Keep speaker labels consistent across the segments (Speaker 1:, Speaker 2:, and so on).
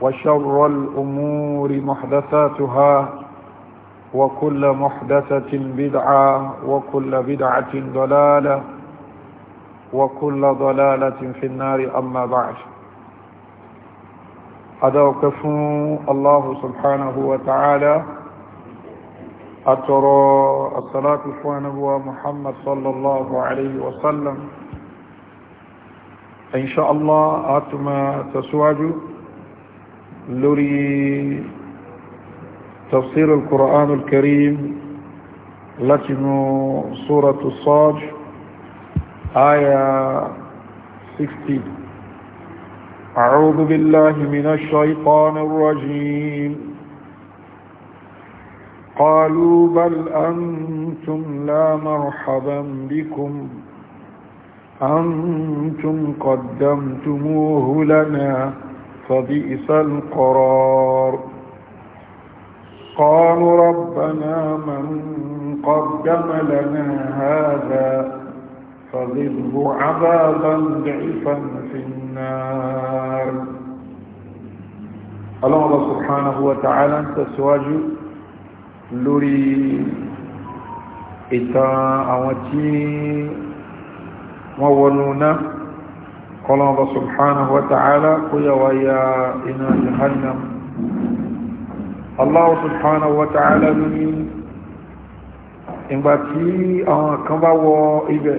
Speaker 1: وشر الأمور محدثاتها وكل محدثة بدعة وكل بدعة ضلالة وكل ضلالة في النار أما بعد أدوكف الله سبحانه وتعالى أترى الصلاة والسلام محمد صلى الله عليه وسلم إن شاء الله أتما تسواجه لوري تفسير القرآن الكريم لكن سورة الصاج آية 16 أعوذ بالله من الشيطان الرجيم قالوا بل أنتم لا مرحبا بكم أنتم قدمتموه لنا فبئس القرار قالوا ربنا من قدم لنا هذا فذله عذابا ضعفا في النار الله سبحانه وتعالى تسواجه لوري إتا أوتي وولونا kọlọ́ọ̀bọ̀ subhanahu wa ta'ala kó yà wáyà iná jahannam Allah subhanahu wa ta'ala ní ìgbà tí àwọn kan bá wọ ibẹ̀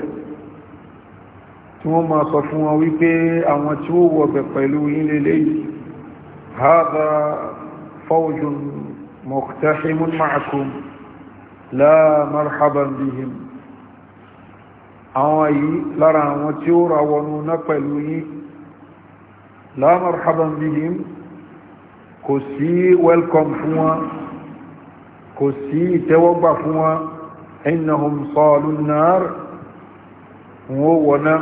Speaker 1: tí wọ́n máa sọ fún wọn wípé àwọn tí ó wọ bẹ̀ pẹ̀lú ilé hadha fawjun muqtahimun ma'akum la marhaban bihim àwọn yìí lára àwọn tí ó ra wọnú ná pẹ̀lú yìí la marhaban bihim kò sí welcome fún wọn kò sí ìtẹ́wọ́gbà fún wọn innahum salun nar wọ́n wọ̀ná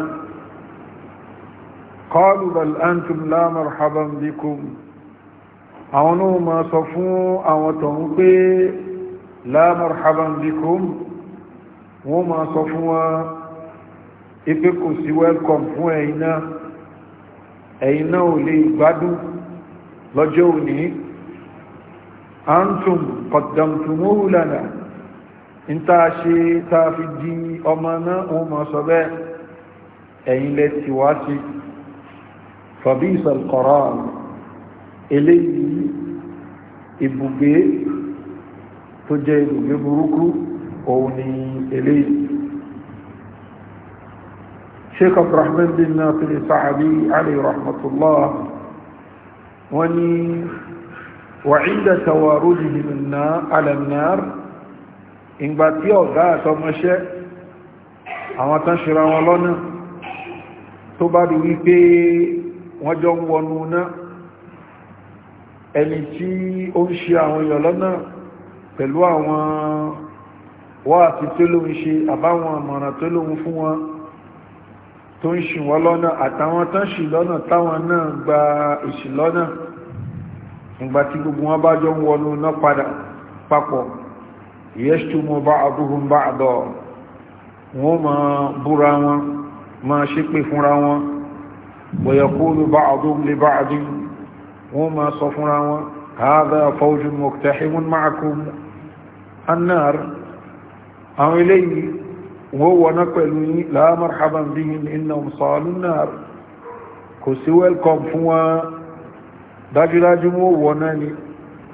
Speaker 1: qalu bal antum la marhaban àwọn náà ma sọ fún àwọn tọ̀hún pé la marhaban bikum wọ́n ma sọ fún wọn ipe kò sí welcome fún ẹ̀yin náà ẹ̀yin náà ò lè gbádùn lọ́jọ́ òní antum qaddamtumuhu lana ń tá a ṣe tá a fi di ọmọ náà ó mọ̀ sọ bẹ́ẹ̀ ẹ̀yin lẹ ti wá sí fabisa alqarar eléyìí ibùgbé tó jẹ́ ibùgbé burúkú òun ni eléyìí sheikh abdulrahman bin nasir sa'adi alayhi rahmatullah wọ́n ní wàhídà tawarudihi alannar ìgbà tí ọ̀gá àtọmọṣẹ́ àwọn tán ṣe ra wọn lọ́nà tó bá rí wípé wọ́n jọ ń wọnú náà ẹni tí ó ń ṣe àwọn èèyàn lọ́nà pẹ̀lú àwọn wáàtí tó ló ṣe àbáwọn àmọ̀ràn tó ló fún wọn tó ń ṣì wọ́n lọ́nà àtàwọn tán ṣì lọ́nà táwọn náà gba ìṣì lọ́nà ìgbà tí gbogbo wọn bá jọ ń wọnú náà padà papọ̀ yẹ́ṣtùmù ba'duhum ba'da wọ́n ma búra wọn ma ṣépè fúnra wọn wa yaqulu ba'duhum li ba'din wọ́n ma sọ fúnra wọn hadha fawjun muqtahimun ma'akum annar àwọn eléyìí wọ́n wọ́n pẹ̀lú yín la marhaban bihim innahum salun nar kò sí welcome fún wọn dájúdájú wọ́n wọ́n náà ni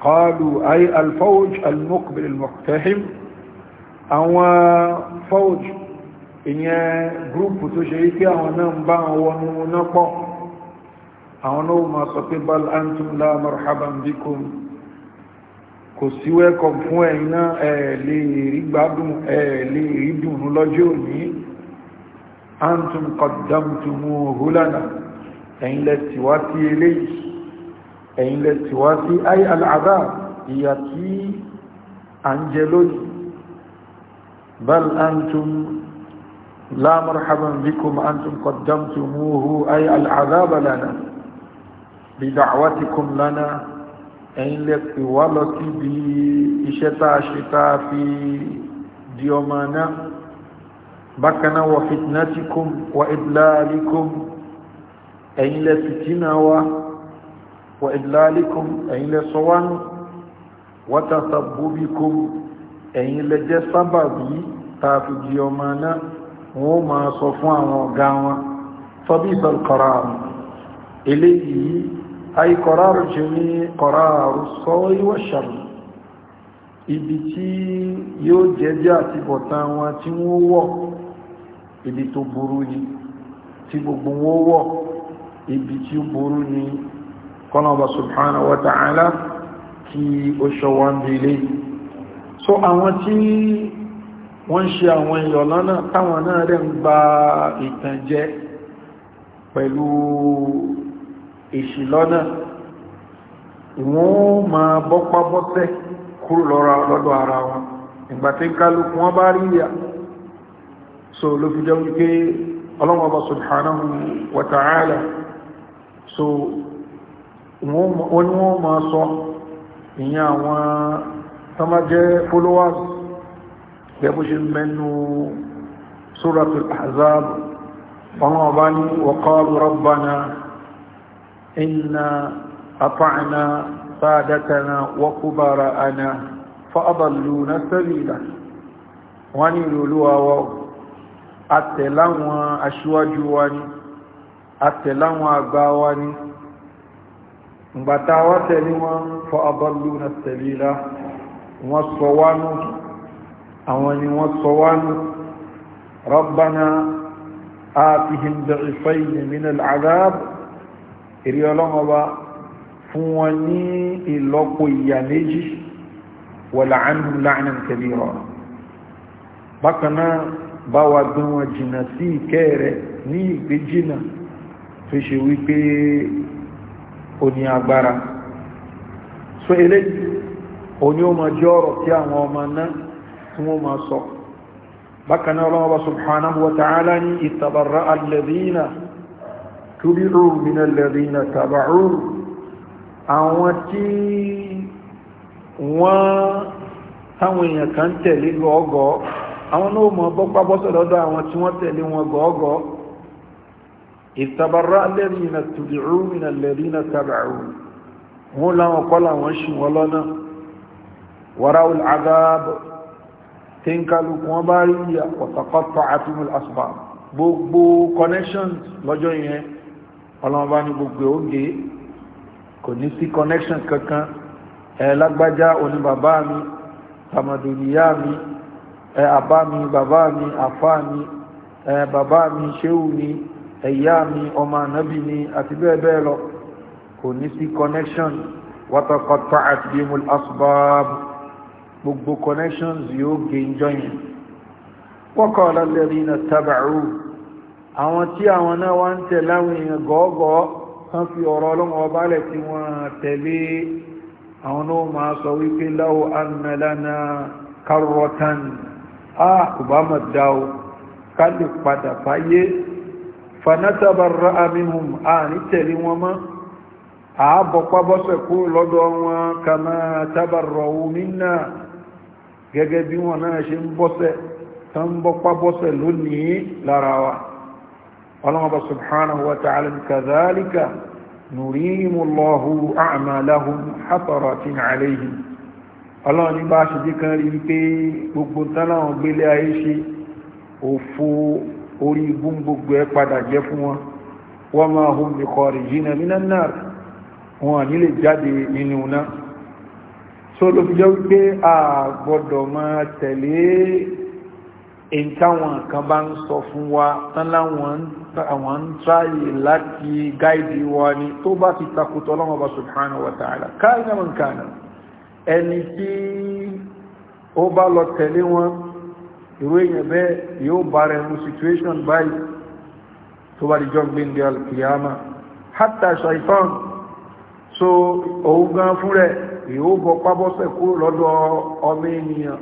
Speaker 1: qalu ay alfawj almuqbil almuqtahim àwọn fawj ìyẹn gúrùpù tó ṣe wípé àwọn náà ń bá àwọn náà pọ̀ àwọn náà ma sọ pé bal antum la marhaban bikum kò sí wẹ́kọ̀m fún ẹ̀yin náà ẹ̀ lè rí gbádùn ẹ̀ lè rí dùnú lọ́jọ́ òní antum qaddamtumuhu lana ẹ̀yin lẹ́tìwá sí eléyìí ẹ̀yin lẹ́tìwá sí ayé alàdá ìyà tí a ń jẹ lónìí bal antum la marhaban bikum antum qaddamtumuhu ayé alàdá balana bida'watikum lana ẹ̀yin lẹ pè wá lọ síbi iṣẹ́ tá a ṣe tá a fi di ọmọ náà bákan náà wọ fitnatikum wọ idlalikum ẹ̀yin lẹ fìtínà wa wọ idlalikum ẹ̀yin lẹ sọwánu wọ tasabubikum ẹ̀yin lẹ jẹ́ sábàbí tá a fi di ọmọ náà wọ́n máa sọ fún àwọn ọ̀gá wọn fọ́bí ìsọ̀lùkọ̀rọ̀ àwọn eléyìí ay kọ̀rọ̀rù jẹ́mi kọ̀rọ̀rù sọ ìwọ̀ ṣàrù ibi tí yóò jẹ́jẹ́ àti bọ̀ta wọn tí wọ́n wọ̀ ibi tó burú ni tí gbogbo ibi tí ó burú ni kọ́nàbà subhanahu wa ta'ala kí ó ṣọwọ́ délé so àwọn tí wọ́n ṣe àwọn èèyàn táwọn náà rẹ̀ ń gba ìtànjẹ pẹ̀lú èṣì lọ́nà wọ́n máa bọ́pá bọ́tẹ́ kúrò lọ́dọ̀ ara wọn ìgbà tí kálukú wọn bá rí ìyà so ló fi jẹ́ wípé ọlọ́wọ́ bá subhanahu wa so wọ́n ni wọ́n máa sọ ìyẹn àwọn tọ́májẹ́ followers gẹ́bù ṣe mẹ́nu suratul ahzab ọlọ́wọ́ bá ní wa qalu إنا أطعنا سادتنا وكبراءنا فأضلونا سبيلا ونلولوا واو أتلوا أشواجواني أتلوا أقباواني مبتاوة تلوا فأضلونا سبيلا وصوانوا أواني وصوانوا ربنا آتهم ضعفين من العذاب èrè ọlọ́mọba fún wọn ní ìlọ́po ìyà méjì wọ̀lá ánùn láàrin kẹbí rọrùn bákan náà bá wa gbọ́n wọn jìnà sí ìkẹ́ rẹ̀ ní ìgbé jìnà tó ṣe wípé ó ní agbára so eléyìí òní ó máa jẹ́ ọ̀rọ̀ tí àwọn ọmọ náà tí wọ́n máa sọ bákan ọlọ́mọba subhanahu wa ta'ala ní ìtàbàrà alẹ́bí túbírù mínàlẹ̀rìnà tàbàrù àwọn tí wọ́n táwọn èèyàn kan tẹ̀lé gọ́ọ̀gọ́ àwọn náà mọ̀ bọ́pábọ́sọ̀ lọ́dọ̀ àwọn tí wọ́n tẹ̀lé wọn gọ́ọ̀gọ́ ìtàbàrà lẹ́rìnà túbírù mínàlẹ̀rìnà tàbàrù wọ́n láwọn kọ́ làwọn ṣì wọ́n lọ́nà wàráwùl àdáàbò tí ń kálukú wọ́n bá rí ọ̀tọ̀kọ́tọ̀ àtúmùl asbab gbogbo connections lọ́jọ́ yẹn ọlọ́run bá ní gbogbo oúnjẹ kò ní sí connection kankan ẹ lágbájá oní bàbá mi tàmàdùnìyá mi ẹ àbá mi bàbá mi àfá mi ẹ bàbá mi ṣéwù mi ẹ̀yà mi ọmọ ànábì mi àti bẹ́ẹ̀ bẹ́ẹ̀ lọ kò ní sí connection wàtàkọ̀tà àti bímul asbab gbogbo connections yóò gé ìjọ yẹn wọ́kọ̀ ọ̀lá lẹ́rìí na tabaru àwọn tí àwọn náà wá ń tẹ̀ láwọn èèyàn gọ́ọ̀gọ́ kan fi ọ̀rọ̀ ọlọ́run ọba lẹ̀ tí wọ́n tẹ̀lé àwọn náà máa sọ wípé láwọ anàlànà karọtan a kò bá mọ̀ dá o ká lè padà fáyé fanatabarra amihum a ní tẹ̀lé wọn mọ́ àábọ̀pá bọ́sẹ̀ kú lọ́dọ̀ wọn kama tabarra minna gẹ́gẹ́ bí wọn náà ṣe ń bọ́sẹ̀ tán bọ́pá bọ́sẹ̀ lónìí lára wa ọlọ́mọba subhanahu wa ta'ala kazalika nurihimullahu a'malahum hasaratin alayhim ọlọ́run ní bá ṣe jí kan rí pé gbogbo tánáwọn gbélé ayé ṣe òfò orí igun gbogbo ẹ padà jẹ́ fún wọn wa ma hum bi kharijina minan nar wọn ní lè jáde nínú náà àwọn ń tráyè láti gáìdì wa ni tó bá ti takùtọ̀ lọ́wọ́ bá subhanahu wa ta'ala káàkiri mọ̀ nǹkan ẹni tí ó bá lọ tẹ̀lé wọn ìwé èèyàn bẹ́ẹ̀ yóò bá rẹ̀ mú situation báyìí tó bá di jọ́ gbéǹdé alkiyama hatta shaitan so òun gan fún rẹ̀ yóò bọ́ pábọ́sẹ̀ kúrò lọ́dọ̀ ọmọ ènìyàn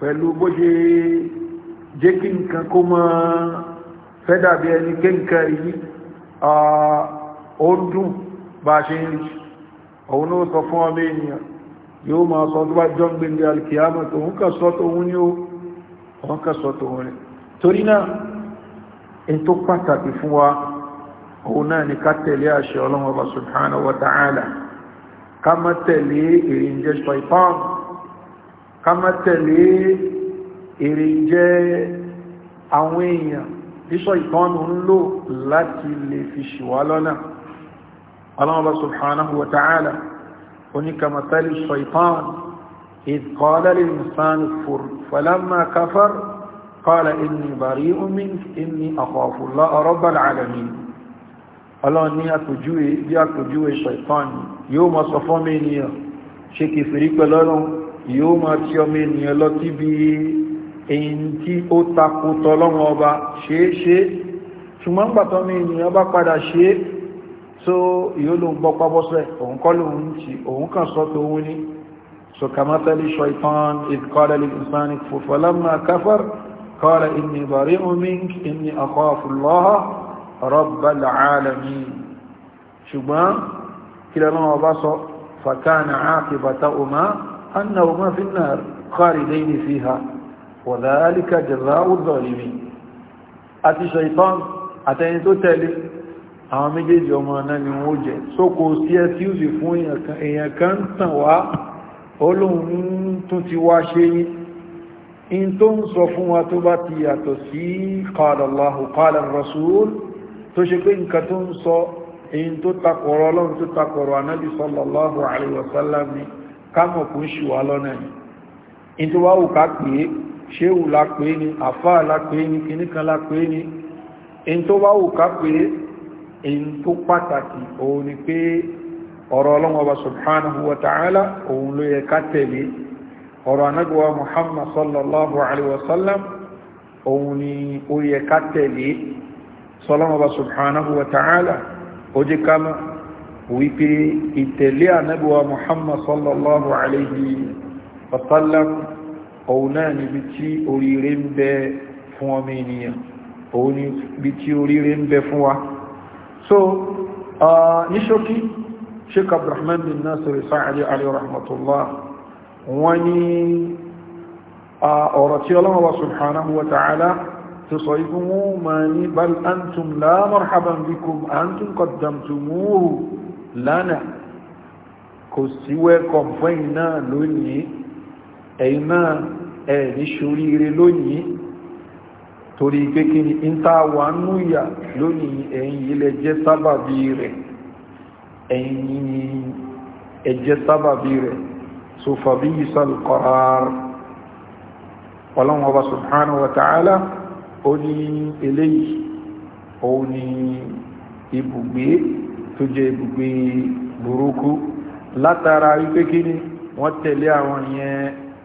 Speaker 1: pẹ̀lú bó ṣe jẹ́ kí nǹkan kó máa fẹ́ dàbí ẹni pé nǹkan yìí ó dùn bá ṣe ń rí òun ló sọ fún ọmọ ènìyàn yóò máa sọ tó bá jọ gbẹ̀ndẹ̀ alkiyama tó ń tó ń kà sọ tó ń rí torí náà in tó pàtàkì fún wa òun náà ni ká tẹ̀lé àṣẹ ọlọ́run wa ta'ala ká má tẹ̀lé èrìǹjẹ́ shaitan ká má àwọn èèyàn bíṣọ́ ìtọ́nù ń lò láti lè fi ṣìwá lọ́nà Allah subhanahu wa ta'ala oníkàmàtàlì ṣọ̀ìtọ́n ìkọ́lẹ̀lì ìsán falamma kafar qala inni bari'un mink inni akhafu Allaha rabbal alamin Allah ní àtòjúwe bí àtòjúwe ṣọ̀ìtọ́n yóò ma sọ fọ́mẹ́niyàn ṣe kìfèrí pẹ̀lọ́rùn yóò ma tí èyí tí ó takò tọ́lọ́wọ́n ọba ṣeéṣe ṣùgbọ́n gbàtọ́ ní ènìyàn bá padà ṣe é tó yóò ló ń gbọ́ pábọ́sẹ̀ òun kọ́ lòun ti òun kàn sọ tó wú ní sọkàmátẹ́lì ṣọ̀ìtàn ìkọ́lẹ̀lì ìsánik fòfòlámà káfàr kọ́lẹ̀ ìní bàrí omink ìní àkọ́fùlọ́hà rọ́bàlàálàmì ṣùgbọ́n kílẹ̀lọ́wọ́ ọba sọ fàkánà ákìbàtà ọmọ annà ọmọ fínà kọ́rìdẹ́ وذلك جزاء الظالمين àti ṣaitan àtẹni tó tẹ̀lé àwọn méjèèjì ọmọ náà ni wọ́n jẹ́ so kò sí ẹtíùsì fún èèyàn kan tàn wá olóhun tún ti wá ṣe yí in tó ń sọ fún wa tó bá ti yàtọ̀ sí qala Allahu in tó wá wù ká ṣéwù lápé ní àfáà lápé ní kìníkan lápé ní in tó bá wù ká pé in tó pàtàkì òun ni pé ọ̀rọ̀ ọlọ́mọba subhanahu wa ta'ala òun ló yẹ ká tẹ̀lé ọ̀rọ̀ anágbàwà muhammad sallallahu alaihi wasallam òun ni ó yẹ ká tẹ̀lé sọlọ́mọba subhanahu wa ta'ala ó jẹ́ ká mọ́ wípé ìtẹ̀lé anágbàwà muhammad sallallahu alaihi wasallam òun náà níbi tí oríire ń bẹ fún ọmọ ènìyàn òun níbi tí oríire ń bẹ fún wa so uh, ní ṣókí sheik abdulrahman bin nasir sa'adi alayhi rahmatullah wọ́n ní uh, ọ̀rọ̀ tí ọlọ́wọ́ wa subhanahu wa ta'ala tó sọ ikú mú ma ní bal antum la marhaban bikum antum qaddamtumuhu lana kò sí welcome fún ìná lónìí ẹ̀yìn náà ẹ̀ẹ̀ní ṣoríire lónìí torí pé kí ni ìntàwà nú ìyà lónìí ẹ̀yin ilẹ̀ jẹ́ sábàbí rẹ̀ ẹ̀yin ẹjẹ́ sábàbí rẹ̀ so fàbí ìsàlùkọ̀rár ọlọ́wọ́ bá subhanahu wa ta'ala ó ní eléyìí ó ní burúkú látara wípé kí ni wọ́n tẹ̀lé àwọn yẹn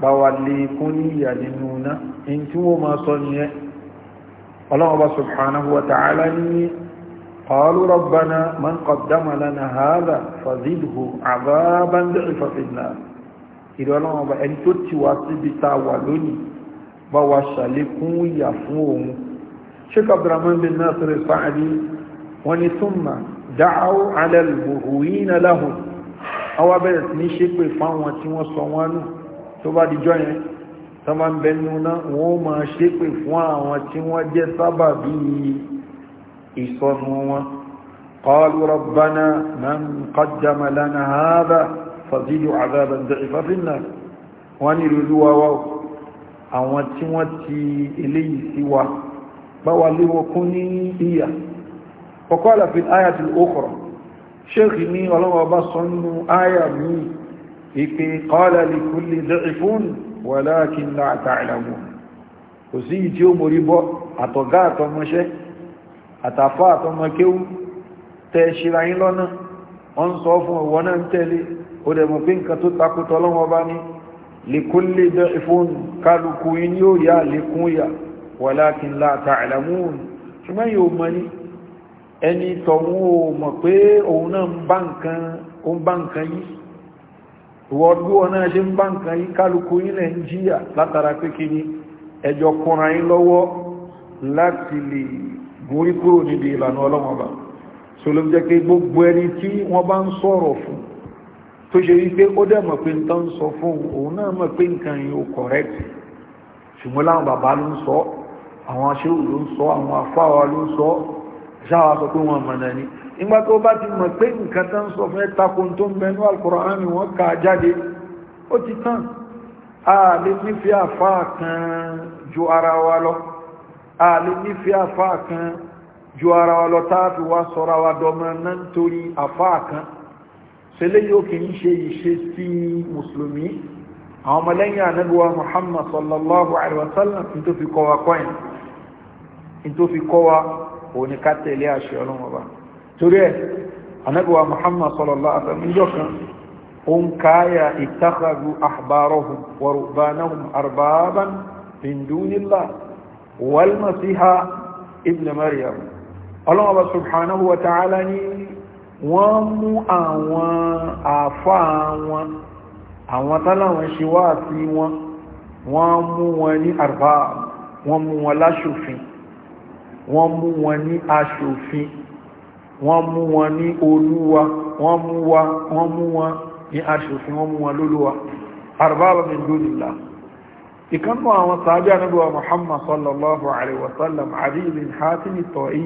Speaker 1: bàwàlékún ní ìyà nínú náà in tí wọ́n máa sọ ní ẹ ọlọ́wọ́ bá subhanahu wa ta'ala ní qalu rabbana man qaddama lana hadha fazidhu adhaban dhi'fa fin nar ìrọ̀ ọlọ́wọ́ bá ẹni tó ti wá síbi àwọn abẹ́rẹ̀ sí ní ṣépè fáwọn tí wọ́n sọ wọn nù tó bá dìjọ́ yẹn tó máa ń bẹnu náà wọ́n máa ṣépè fún àwọn tí wọ́n jẹ́ sábàbí ìsọnù wọn قالوا ربنا من قدم لنا هذا فزيد عذابا ضعفا في النار wọ́n ní ìrìlúwa wá àwọn tí wọ́n ti eléyìí sí wa báwa léwọ kún ní ìyà ọkọ́ ìpè qala li kulli dha'ifun walakin la ta'lamun kò sí yìí tí ó mórí bọ́ àtọ̀gá àtọmọṣẹ́ àtàfà àtọmọkéwú tẹ ṣíra yín lọ́nà ọ ń sọ fún ọwọ́ náà ń tẹ̀lé ó dẹ̀ mọ̀ pé nǹkan tó takùtọ̀ lọ́wọ́ bá ní wọ́n bí wọn náà ṣe ń bá nǹkan yí kálukú ilẹ̀ ń jíyà látara pé kí ni ẹjọ́ kúnra yín lọ́wọ́ láti lè gúnrí kúrò níbi ìlànà ọlọ́mọba so ló jẹ́ pé gbogbo ẹni tí wọ́n bá ń sọ̀rọ̀ fún tó ṣe wípé ó dẹ̀ mọ̀ pé nǹkan sọ fún òun náà mọ̀ pé nǹkan yìí ò correct ṣùgbọ́n láwọn bàbá ló ń sọ àwọn aṣẹ́wò ló ń sọ àwọn afáwa ló ń sọ ṣáwa sọ pé wọ́n mọ̀nà ni ìgbà tó bá ti mọ̀ pé nǹkan tán sọ fún ẹ̀takùn tó ń bẹnú alkùránì wọ́n kà jáde ó ti tán ààlè nífẹ̀ẹ́ àfá kan ju ara wa lọ ààlè nífẹ̀ẹ́ àfá kan ju ara wa lọ táàfi wá sọ́ra wa dọ́mọ náà nítorí àfá kan sẹlẹ̀ yóò kì ṣe ìṣe sí mùsùlùmí àwọn ọmọlẹ́yìn ànábíwá muhammad sallallahu alaihi wasallam ní tó fi kọ́ wa kọ́yìn ní tó òun ni ká tẹ̀lé àṣẹ ọlọ́run torí ẹ̀ anábíwa muhammad sallallahu alaihi wasallam níjọ́ kan ó ń káyà ittakhadhu ahbarahum wa rubanahum arbaban min dunillah wal masiha ibn maryam ọlọ́wọ́ subhanahu wa ta'ala ni wọ́n mú àwọn àfá wọn àwọn tánàwọn ṣe wá sí wọn wọ́n mú wọn ní arbab wọ́n mú wọn láṣòfin wọ́n mú wọn ní aṣòfin wọ́n mú wọn ní olúwa wọ́n mú wa wọ́n mú wọn ní aṣòfin wọ́n mú wọn lólúwa arbaba min dunillah ìkánú àwọn sàájú ànábíwa muhammad sallallahu alaihi wasallam adi bin hatim to'i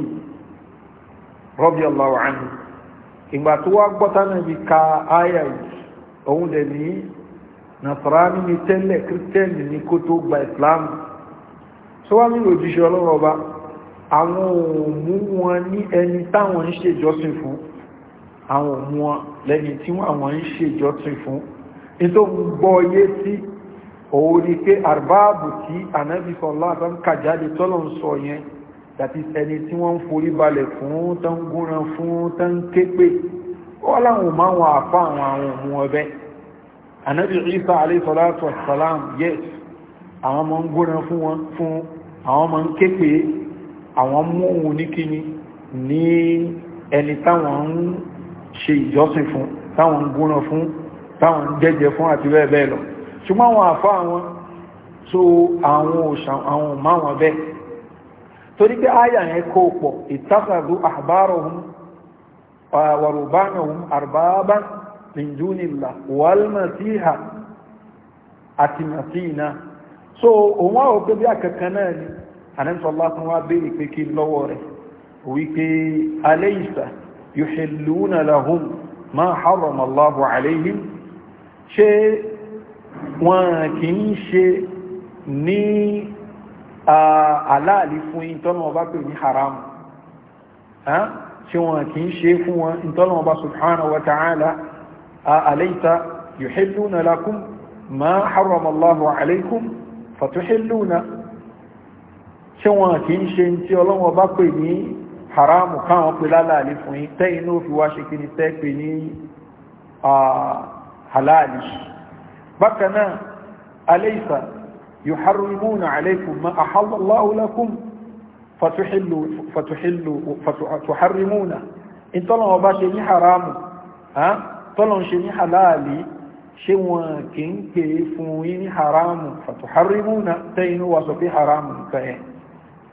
Speaker 1: radiyallahu anhu ìgbà tó wá gbọ́ta náà bí ka áyà òun dẹ̀ ní nasarani ni tẹ́lẹ̀ kírísítẹ́nì ní kó tó gba ìsìlámù sọ wá nílò òjíṣẹ́ ọlọ́run ọba àwọn òmú wọn ní ẹni táwọn ń ṣe ìjọsìn fún àwọn òmú wọn lẹ́ni tí àwọn ń ṣe ìjọsìn fún nítorí gbọ́ yé sí òun ni pé àrbáàbù tí ànábì sọ̀lá àbá ń kàjáde tọ́lọ̀ ń sọ yẹn dàbí ẹni tí wọ́n ń forí balẹ̀ fún tó ń gúnran fún tó ń ké pé wọ́n láwọn máa wọn àfa àwọn àwọn òmú ọbẹ̀ ànábì Isa alayhi salatu wassalam yes àwọn ọmọ ń gúnran fún wọn fún àwọn ọmọ ń ké pé àwọn mú òun ní kíni ní ẹni táwọn ń ṣe ìjọsìn fún táwọn ń gúnran fún táwọn ń jẹ́jẹ fún àti bẹ́ẹ̀ bẹ́ẹ̀ lọ ṣùgbọ́n àwọn àfá àwọn tó àwọn òṣàn àwọn máwọn bẹ́ẹ̀ torí pé áyà yẹn kó pọ̀ ìtàkàdù àbárọ̀hún wàrùbánàhún àníṣọ́lá tún wá béèrè pé kí lọ́wọ́ rẹ̀ wípé alaysa yuhilluna lahum ma harrama Allahu alayhim ṣe wọ́n kì í ṣe ní aláàlì fún ìtọ́nà ọba pè ní haram ṣe wọ́n kì í ṣe fún wọn ìtọ́nà ọba subhanahu wa ta'ala alaysa yuhilluna lakum ma harrama Allahu alaykum fatuhilluna ṣé wọn kì í ṣe tí ọlọ́wọ́ bá pè ní haramu káwọn pè lálàálì fún yín tẹ́ inú òfin wá ṣe kí ni tẹ́ pè ní halali bákan náà alaysa yuharrimuna alaykum ma ahalla Allahu lakum fatuhillu fatuhillu fatuharrimuna ìtọ́lọ́wọ́ bá ṣe ní haramu wọn kì pè fún yín ní haramu fatuharrimuna tẹ́ inú wá sọ pé haramu nǹkan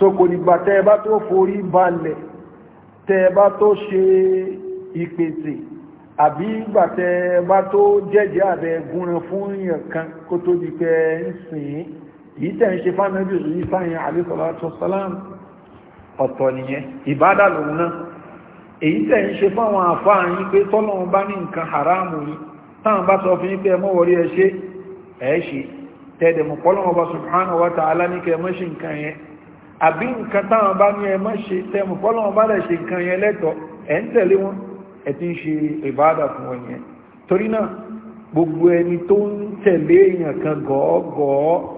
Speaker 1: so kò dìgbà tẹ́ ẹ bá tó forí balẹ̀ tẹ́ ẹ bá tó ṣe ìpèsè àbí ìgbà tẹ́ ẹ bá tó jẹ́jẹ́ àbẹ gúnran fún èèyàn kan kó tó di pé ń sìn yìí tẹ̀ ń ṣe fánàbí òṣèlú sáyẹn àlẹ́sọ̀lá tó sálám ọ̀tọ̀ fáwọn àfáà yín pé tọ́lọ́run bá ní nǹkan ní kẹ́ mọ́ṣin kan yẹn àbí nǹkan táwọn bá ní ẹ má ṣe tẹ́mù fọ́lọ́wọ́n bá lẹ̀ ṣe nǹkan yẹn lẹ́tọ̀ ẹ̀ ń tẹ̀lé wọn ẹ̀ ti ń ṣe ìbáàdà fún wọn yẹn torí náà gbogbo ẹni tó ń tẹ̀lé èèyàn kan gọ́ọ̀gọ́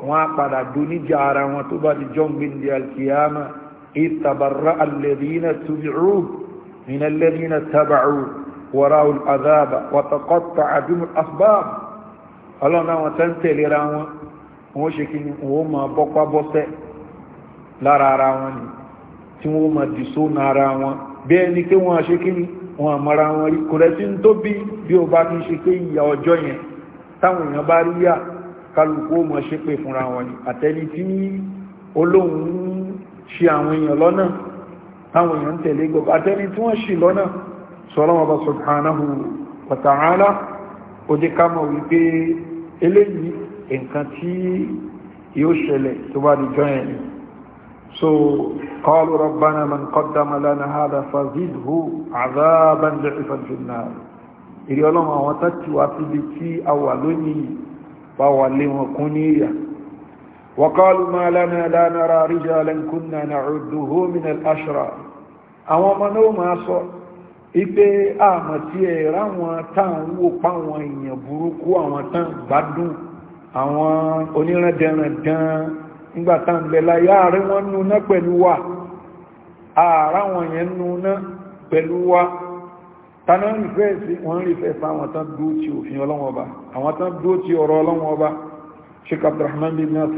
Speaker 1: wọn á padà doníjà ara wọn tó bá di john bindi alkiyama ìtàbàrà alẹ́dínà tùbìrù nínú tàbàrù wọ́rá olùadáàbà wàtàkọ́tà àdúmù lára ara wọn ni tí wọ́n ma dì ara wọn bí ẹni wọn wọ́n ṣe kí wọ́n wọn rí kò rẹ̀ tí ń tó bí bí o bá kí ṣe pé ìyà ọjọ́ yẹn táwọn èèyàn bá rí yà kálukú ó máa fúnra wọn ni àtẹni tí ń ṣe àwọn èèyàn lọ́nà táwọn èèyàn tẹ̀lé àtẹni tí wọ́n lọ́nà bá yóò ni so قالوا ربنا من قدم لنا هذا فزده عذابا ضعفا في النار ìrí ọlọ́run àwọn tàbí wá síbi tí a wà lónìí bá wà lé wọn kún ní ìyà wọ́kọ́lù máa lánà lánàrà ríjà lẹ́nkúnnà na ọdúnhó minal ashra àwọn ọmọ náà máa sọ ipé àmà tí ẹ̀ ráwọn tán wó páwọn èèyàn burúkú àwọn tán gbádùn àwọn onírandẹ̀randẹ̀randẹ̀ ngbàtà ńlẹ̀lá yáàrí wọn núná pẹ̀lú wa ààrá wọn yẹn núná pẹ̀lú wa tánà ń rìfẹ́ sí wọ́n rìfẹ́ sí àwọn tán dúó ti òfin ọlọ́wọ́ ọba àwọn tán dúó ti ọ̀rọ̀ ọlọ́wọ́ ọba sheik abdulrahman ẹ̀ráwọn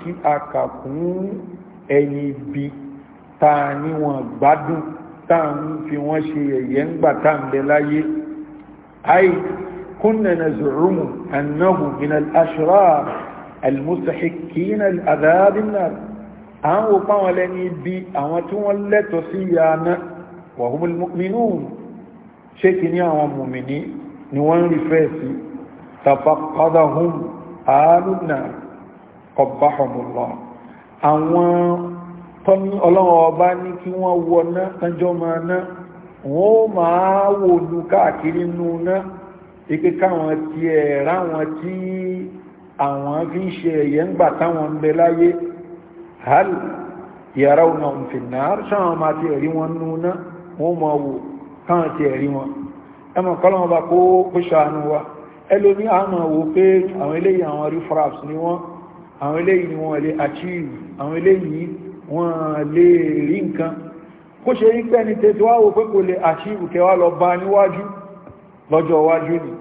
Speaker 1: tí a kà kún ẹni bíi tá a ní wọn gbádùn tá a ń fi wọn ṣe ẹ̀yẹ́ ńgbà tá a ń bẹ láyé ayé kúnnà na zùrùmù annahu min al-ashrar al-mustahiqin al-adhab an-nar à ń wò páwọn àwọn tí wọ́n lẹ́tọ̀ọ́ sí ìyà náà wa humul ṣé kí àwọn mùmìnì ni wọ́n ń rí fẹ́ sí tafaqadahum àálùnà qabbahumullah àwọn tọ́ni ọlọ́run ọba ní kí wọ́n wọ ná tánjọ́ máa ná wọ́n ó máa wò lù káàkiri nù ná ike káwọn ti ẹ̀ ráwọn tí àwọn fi ń ṣe ẹ̀yẹ́ ń gbà táwọn ń bẹ láyé hal yàrá òun àwọn fìnnà ṣáwọn máa ti ẹ̀rí wọn nù ná wọ́n máa wò káwọn ti ẹ̀rí wọn ẹmọ̀ kọ́lọ́wọ́n bá kó kóṣọ àánú wa ẹlòmí àmà wò pé àwọn eléyìí àwọn refraps ni wọ́n àwọn eléyìí ni wọ́n lè achieve àwọn eléyìí wọ́n lè rí nǹkan kó ṣe rí pẹ́ ní tẹ́tí wá wò pé kò lè àṣírù kẹwàá lọ bá níwájú lọ́jọ́ iwájú ni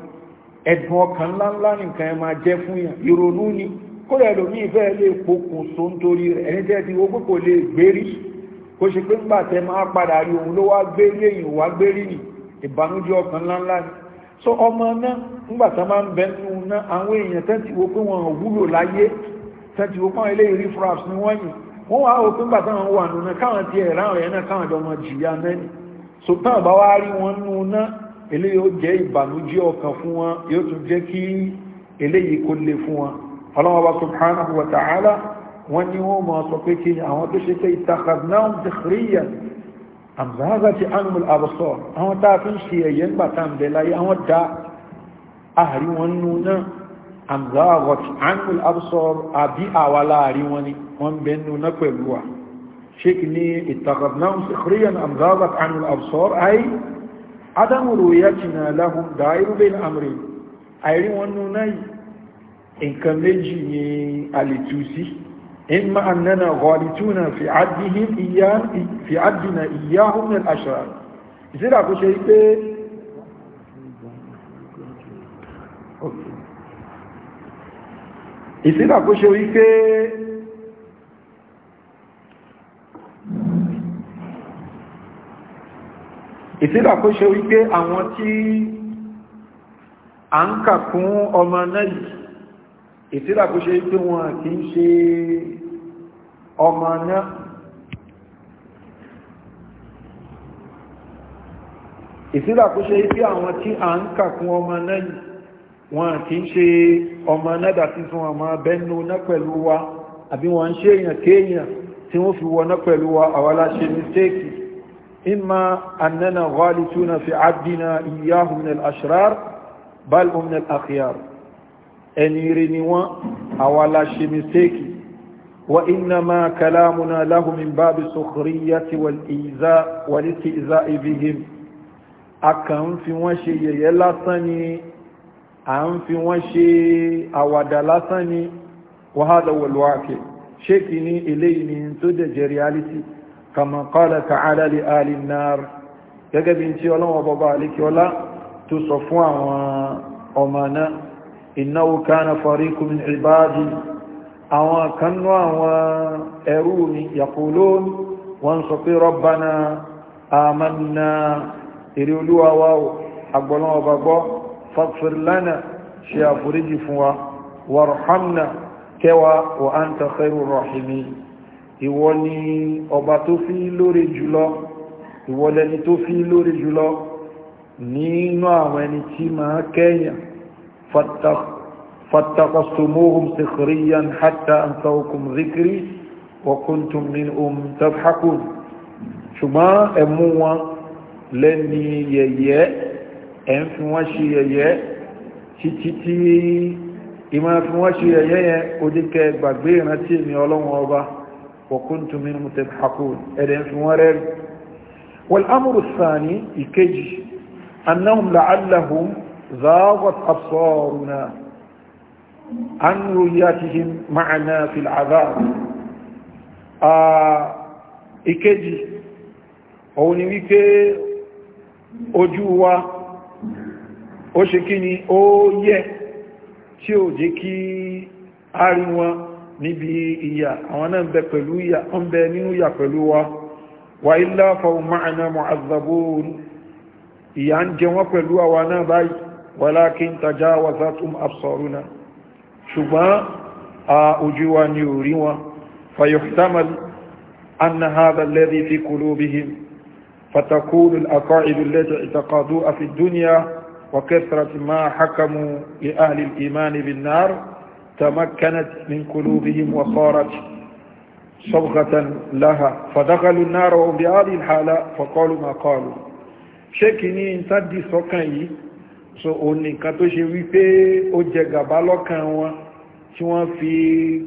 Speaker 1: ẹ̀dùn ọkàn ńláńlá nìkan ẹ máa jẹ́ fún yàn ìrònú ni kó rẹ̀ lò ní ìfẹ́ lè pokùn so ń torí rẹ̀ ẹni tẹ́tí wó pé kò lè gbérí kó ṣe pé ńgbà tẹ máa padà rí òun ló wá gbérí èyàn wá gbérí ni ìbànújẹ́ ọkàn ńláńlá ni so ọmọ náà ńgbà tá máa ń bẹ nínú náà àwọn èèyàn tẹ́tí wo pé wọn ò wúlò láyé tẹ́tí wo pé àwọn eléyìí rí fraps ni wọ́n yìí wọ́n wá òpin gbà táwọn wà nùnà káwọn ti ẹ̀rá ọ̀yẹ́ náà káwọn jọ mọ jìyà mẹ́ni so tán àbá wá rí wọn nùnà eléyìí ó jẹ́ ìbànújẹ́ ọkàn fún wọn yóò tún jẹ́ kí eléyìí kó lè fún wọn ọlọ́wọ́ bá subhanahu wa ta'ala wọ́n ní wọ́n mọ̀ sọ pé kí àwọn tó ṣe pé ìtàkàdnáhùn ti xìríyà àmàzà ti anumul abasọ àwọn tá a fi ń ṣe ẹ̀yẹ́ ńgbà tá à ń bẹ̀ láyé àwọn dá àárín wọn nùnà àgbàwọ̀tí angul absor àbí àwà láàrin wọn ni wọ́n bẹnu na pẹ̀lú wa ṣíkì ní ìtàkàbnáun sí korean àgbàwọ̀tí angul absor ayi adamu ruyatina lahun da irubin amri àìrí wọn nuna nǹkan méjì ni alitusi in ma'annana ghalituna fi ìsìnkà kó ṣe wípé ìsìnkà kó ṣe wípé àwọn tí a ń kà fún ọmọ náà yìí ìsìnkà kó ṣe wípé wọn kì í ṣe ọmọ náà ìsìnkà kó ṣe wípé àwọn tí a ń kà fún ọmọ náà wọn kì í ṣe ọmọ nẹ́dà tuntun àmọ́ bẹ́nu ná pẹ̀lú wa àbí wọ́n ń ṣe èèyàn kéèyàn tí wọ́n fi wọ́n ná pẹ̀lú wa àwa la ṣe mistake imma annana ghalituna fi abdina iyahu min al-ashrar bal hum min wọ́n ṣe mistake وإنما كلامنا à ń fi wọ́n ṣe àwàdà lásán ni wàhálà wọlúwàkè ṣé kì ní eléyìí ni tó dẹ̀ jẹ́ reality kama qala ta'ala li ahli an-nar gẹ́gẹ́ bí tí ọlọ́wọ́ bọ́bá alikiola tó sọ fún àwọn ọmọ náà innahu faghfir lana ṣe àforíjì fún wa warhamna kẹwa wa anta khairur rahimin ìwọ ni ọba tó fi lóore jùlọ ìwọ lẹni tó fi lóore jùlọ nínú àwọn ẹni tí máa kẹ́yàn فاتقصتموهم سخريا حتى أنسوكم ذكري وكنتم منهم تضحكون ṣùgbọ́n ẹ̀mú wọn lẹ́ni yẹ̀yẹ́ ẹ̀ ń fi wọ́n ṣe yẹ̀yẹ́ títí tí ìmọ̀ fi wọ́n ṣe yẹ̀yẹ́ yẹn ó dé kẹ gbàgbé ìrántí mi ọlọ́wọ́n ọba wa kuntum minhum tadhakun ẹ̀dẹ̀ ń fi wọ́n rẹ́rìn wal amru thani ìkejì annahum la'allahum zaagat absaruna ó ṣe kí ni ó yẹ tí ó jẹ́ kí a rí wọn níbi ìyà àwọn náà ń bẹ pẹ̀lú ìyà ń bẹ nínú ìyà pẹ̀lú wa wà ilá fọwọ́ ma'ana mu'azzabun ìyà ń jẹ wọ́n pẹ̀lú àwa náà báyìí walakin tajawazatum absaruna ṣùgbọ́n a ojú wa ni ò rí wọn fayuhtamal وكثرة ما حكموا لأهل الإيمان بالنار تمكنت من قلوبهم وصارت صبغة لها فدخلوا النار وهم بهذه الحالة فقالوا ما قالوا شكني انتدي سكني so òun nìkan tó ṣe wípé ó jẹ gàbá lọ́kàn wọn tí wọ́n fi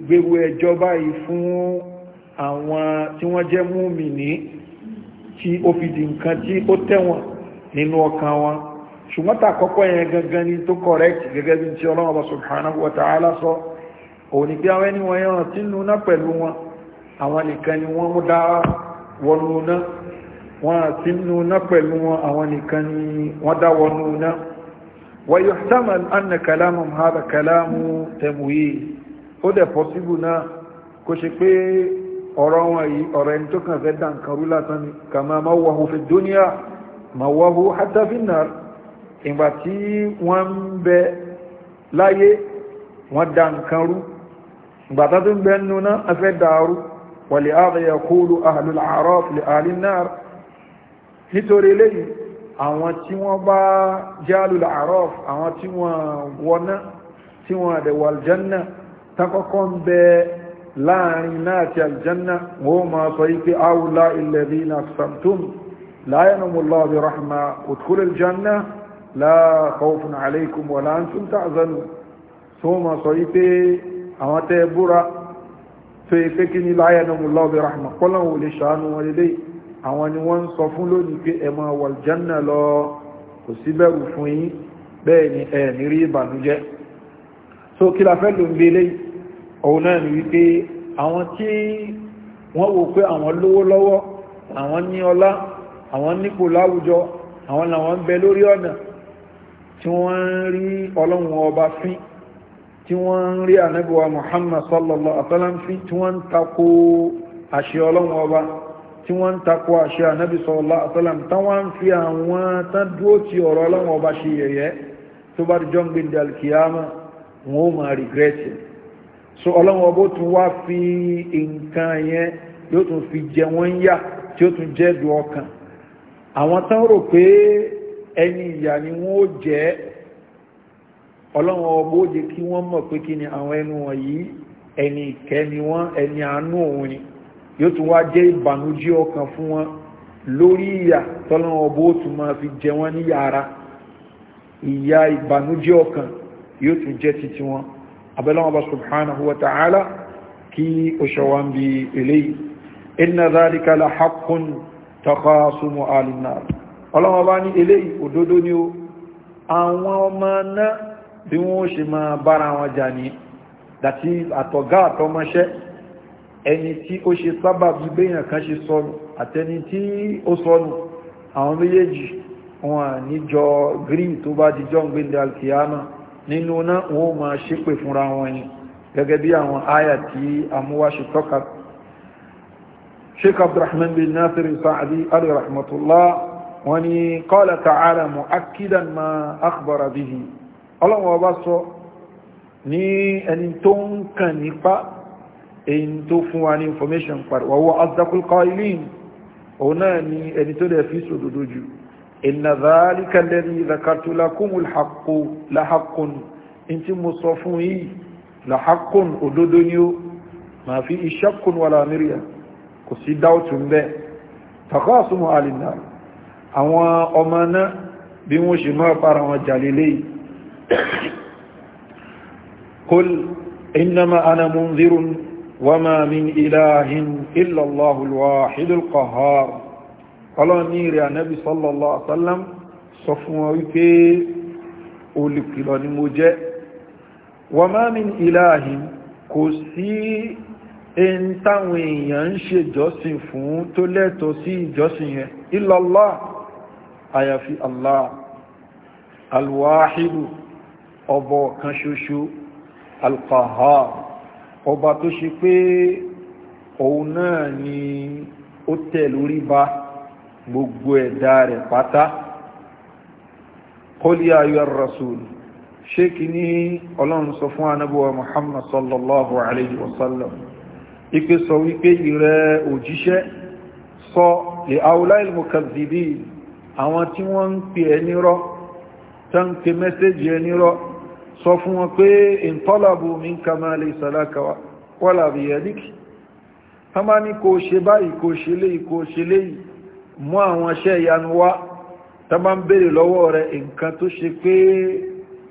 Speaker 1: gbéwó ẹjọ́ báyìí fún àwọn tí wọ́n jẹ́ múmi ní tí ó fi di nǹkan tí ó tẹ̀wọ̀n nínú ọkàn wọn ṣùgbọ́n ta kọ́kọ́ yẹn gangan ni tó correct gẹ́gẹ́ bí tí ọlọ́wọ́ subhanahu wa ta'ala sọ òun ni pé àwọn ẹni wọ́n yẹn tí nù náà pẹ̀lú wọn àwọn nìkan ni wọ́n mú dá wọnú náà wọ́n tí nù náà pẹ̀lú wọn àwọn nìkan ni wọ́n dá wọnú náà wa yuhtamal anna kalamum hadha kalamu tamwil ó yìí ọ̀rọ̀ ẹni ìgbà tí wọ́n ń bẹ láyé wọ́n dá nǹkan rú ìgbà tó ń bẹ nínú náà afẹ́ dàrú wàlẹ̀ àbẹ̀yẹ kóòlù ahlul a'raf li ahlin nar nítorí eléyìí àwọn tí wọ́n bá jálul a'raf àwọn tí wọ́n wọná tí wọ́n dẹ̀ wà aljanna takọ́kọ́ ń bẹ láàrin náà ti aljanna wọ́n máa sọ yí pé awla alladhina aqsamtum la yanamu bi rahma udkhulul janna la khawfun alaykum wa la antum ta'zanun tó ma sọ yí pé àwọn tẹ́ búra tó yí pé kí ní la yanamullahu bi rahmah kọ́lọ̀n wò lè ṣàánú wọn lélẹ̀ àwọn ni wọ́n ń sọ fún lónìí pé ẹ máa wal janna lọ kò sí bẹ̀rù fún yín bẹ́ẹ̀ ni ẹ̀ ní rí ìbànújẹ́ so kí la fẹ́ ló ń gbélé òun náà ni wípé àwọn tí wọ́n wò pé àwọn lówó lọ́wọ́ àwọn ní ọlá àwọn nípò láwùjọ àwọn làwọn ń bẹ lórí ọ̀nà tí wọ́n ń rí ọlọ́run ọba fi, tí wọ́n ń rí muhammad sallallahu alaihi wasallam fi tí wọ́n ń takò àṣẹ ọlọ́run ọba tí wọ́n ń takò àṣẹ sallallahu alaihi wasallam táwọn ń fi àwọn tán dúró ti ọ̀rọ̀ ọba ṣe yẹ̀yẹ́ tó bá alkiyama wọn máa so ọlọ́run ọba ó tún wá fi nǹkan yẹn yóò tún fi jẹ wọ́n yá tí ó tún ẹni ìyà ni wọ́n ó jẹ́ ọlọ́run ọgbó jẹ kí wọ́n mọ̀ pé kí ni àwọn ẹnu wọ̀nyí ẹni ìkẹ́ ni wọ́n ẹni àánú òun ni yóò tún wá jẹ́ ìbànújẹ́ ọkàn fún wọn lórí ìyà tọ́lọ́run ọgbó tún máa fi jẹ wọ́n ní yàrá ìyà ìbànújẹ́ ọkàn yóò tún jẹ́ titi wọn abẹ́lọ́wọ́n bá subhanahu wa ta'ala kí ó ṣọwá ń bi eléyìí inna dhalika la haqqun takhasumu alinnar ọlọ́wọ́ bá ní eléyìí òdodo ni ó àwọn ọmọ náà bí wọ́n ṣe máa bára wọn jà ní dàtí àtọ̀gá àtọmọṣẹ́ ẹni tí ó ṣe sábà bí béèyàn kan ṣe sọnù àtẹni tí ó sọnù àwọn méjèèjì wọn níjọ green tó bá dijọ́ ń gbélé alkiyama nínú náà wọn ó máa ṣépè fúnra wọn ni gẹ́gẹ́ bí àwọn àyà tí amúwáṣe tọ́ka sheikh abdulrahman bin nasir sa'adi alayhi rahmatullah wọ́n ní qala ta'ala mu'akkidan ma akhbara bihi ọlọ́wọ́n ọba sọ ní ẹni tó ń kàn nípa èyí tó fún wa ní information pàdé wa huwa asdaqul qailin òun náà ni ẹni tó dẹ̀ fi sòdodo jù inna dhalika alladhi dhakartu àwọn ọmọ náà bí wọ́n ṣe máa fara wọn jàlélé kul innama ana munzirun wa ma min ilahin illallahul wahidul qahhar ọlọ́run ní ìrẹ̀ ànábì sallallahu alaihi wasallam sọ fún wọn wípé olùkìlọ̀ ni mo jẹ́ wa ma min ilahin kò sí ẹni táwọn èèyàn ń ṣe ìjọsìn fún tó lẹ́tọ̀ọ́ sí ìjọsìn yẹn illallah àyàfi Allah alwahidu ọbọ̀ kan ṣoṣo alqahar ọba tó ṣe pé òun náà ni ó tẹ̀ lórí bá gbogbo ẹ̀dá rẹ̀ pátá qul ya ayyuhar rasul ṣé kí ní ọlọ́run sọ fún anábúwa muhammad sallallahu alayhi wa ipe sọ wípé ìrẹ òjíṣẹ́ sọ li awla'il mukazzibin àwọn tí wọ́n ń pè ẹ nírọ́ tó ń pè mẹ́sẹ́jì ẹ nírọ́ sọ fún wọn pé in talabu minka ma laysa laka wala biyadiki tó bá ní kò ṣe báyìí kò ṣe léyìí kò ṣe léyìí mú àwọn iṣẹ́ ìyanu wá tó bá ń béèrè lọ́wọ́ rẹ nǹkan tó ṣe pé